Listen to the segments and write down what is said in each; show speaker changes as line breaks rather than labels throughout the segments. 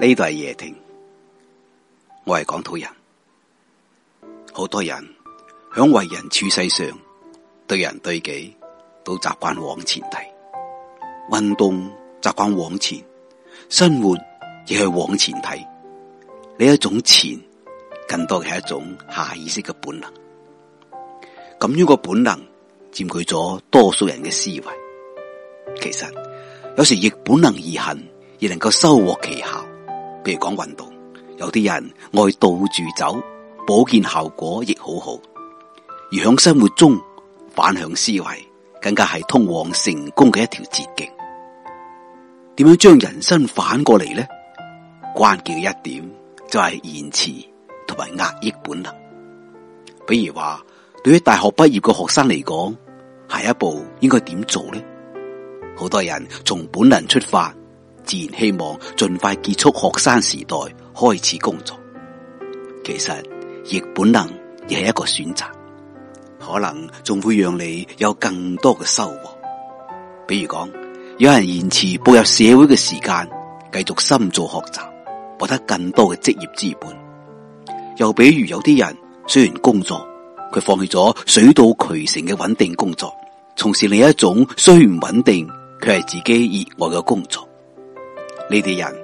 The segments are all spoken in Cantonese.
呢度係夜聽，我係講土人。好多人響為人處世上，對人對己都習慣往前睇，運動習慣往前，生活亦係往前睇。呢一種前，更多嘅係一種下意識嘅本能。咁樣個本能佔據咗多數人嘅思維。其實有時逆本能而行，亦能夠收穫奇效。譬如講運動，有啲人愛倒住走，保健效果亦好好。而喺生活中反向思維，更加係通往成功嘅一條捷徑。點樣將人生反過嚟呢？關鍵嘅一點就係延遲同埋壓抑本能。比如話，對於大學畢業嘅學生嚟講，下一步應該點做咧？好多人從本能出發。自然希望盡快結束學生時代，開始工作。其實逆本能，亦係一個選擇，可能仲會讓你有更多嘅收穫。比如講，有人延遲步入社會嘅時間，繼續深造學習，獲得更多嘅職業資本；又比如有啲人雖然工作，佢放棄咗水到渠成嘅穩定工作，從事另一種雖然唔穩定，佢係自己熱愛嘅工作。呢啲人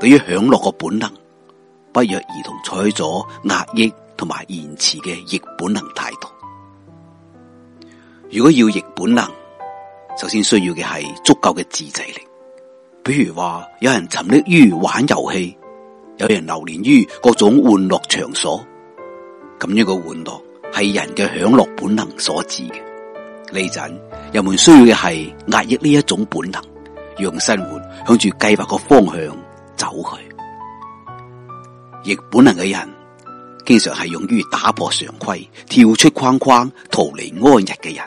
對於享樂個本能，不約而同採取咗壓抑同埋延遲嘅逆本能態度。如果要逆本能，首先需要嘅係足夠嘅自制力。比如話，有人沉溺於玩遊戲，有人流連於各種玩樂場所。咁樣個玩樂係人嘅享樂本能所致嘅。呢陣人們需要嘅係壓抑呢一種本能。讓生活向住計劃個方向走去，逆本能嘅人，經常係勇於打破常規、跳出框框、逃離安逸嘅人。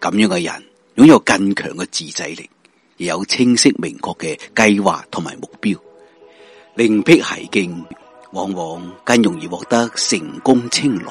咁樣嘅人擁有更強嘅自制力，亦有清晰明確嘅計劃同埋目標。另辟蹊徑，往往更容易獲得成功青睞。